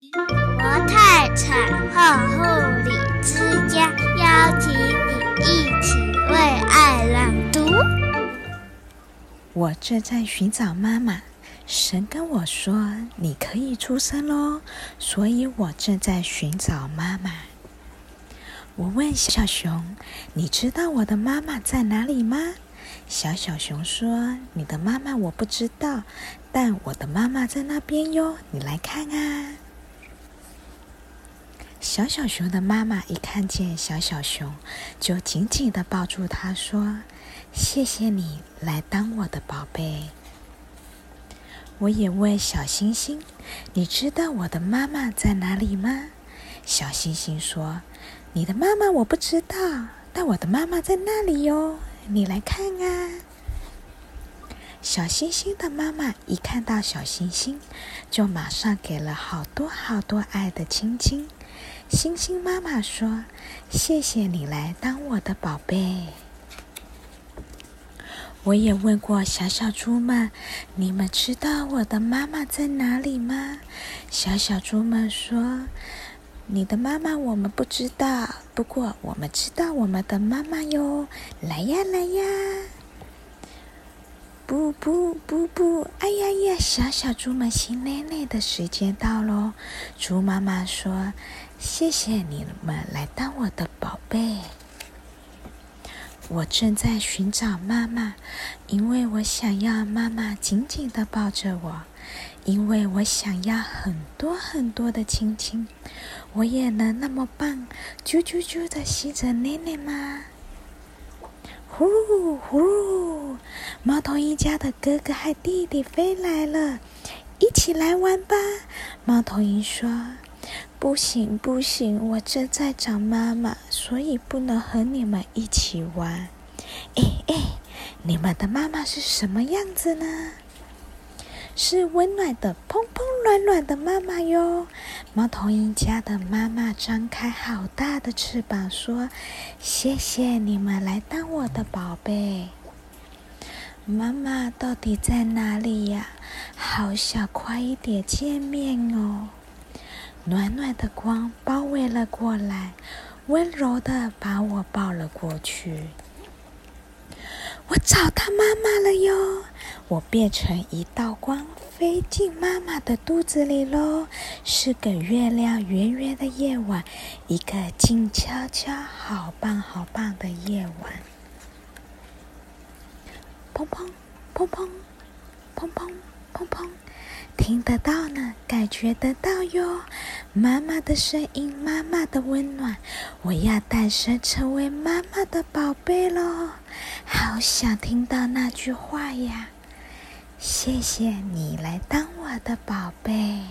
國泰產後護理之家邀請你一起為愛朗讀。我正在尋找媽媽，神跟我說你可以出生嘍，所以我正在尋找媽媽。我問小小熊：“你知道我的媽媽在哪裡嗎？”小小熊說：“你的媽媽我不知道，但我的媽媽在那邊喲，你來看啊。”小小熊的媽媽一看見小小熊，就緊緊地抱住它，說：“謝謝你來當我的寶貝。”我也問小星星：“你知道我的媽媽在哪裡嗎？”小星星說：“你的媽媽我不知道，但我的媽媽在那裡喲，你來看啊。”小星星的媽媽一看到小星星，就馬上給了好多好多愛的親親。星星媽媽說：“謝謝你來當我的寶貝。”我也問過小小豬們：“你們知道我的媽媽在哪裡嗎？”小小豬們說：“你的媽媽我們不知道，不過我們知道我們的媽媽喲。來呀，來呀！”不不不不！哎呀呀，小小豬們吸奶奶的時間到嘍！豬媽媽說：“謝謝你們來當我的寶貝。我正在尋找媽媽，因為我想要媽媽緊緊的抱着我，因為我想要很多很多的親親。我也能那麼棒，啾啾啾的吸着奶奶嗎？”呼嚕呼嚕，貓頭鷹家的哥哥和弟弟飛來了，一起來玩吧。貓頭鷹說：“不行不行，我正在找媽媽，所以不能和你們一起玩。”誒哎哎，你們的媽媽是什麼樣子呢？是溫暖的碰。暖暖的媽媽喲，貓頭鷹家的媽媽張開好大的翅膀，說：“謝謝你們來當我的寶貝。”媽媽到底在哪裡呀？好想快一點見面哦！暖暖的光包圍了過來，溫柔的把我抱了過去。我找到媽媽了喲！我變成一道光，飛進媽媽的肚子裡嘍。是個月亮圓圓的夜晚，一個靜悄悄、好棒好棒的夜晚。砰砰，砰砰，砰砰，砰砰，聽得到呢，感覺得到喲。媽媽的聲音，媽媽的溫暖，我要誕生，成為媽媽的寶貝嘍。好想聽到那句話呀。謝謝你來當我的寶貝。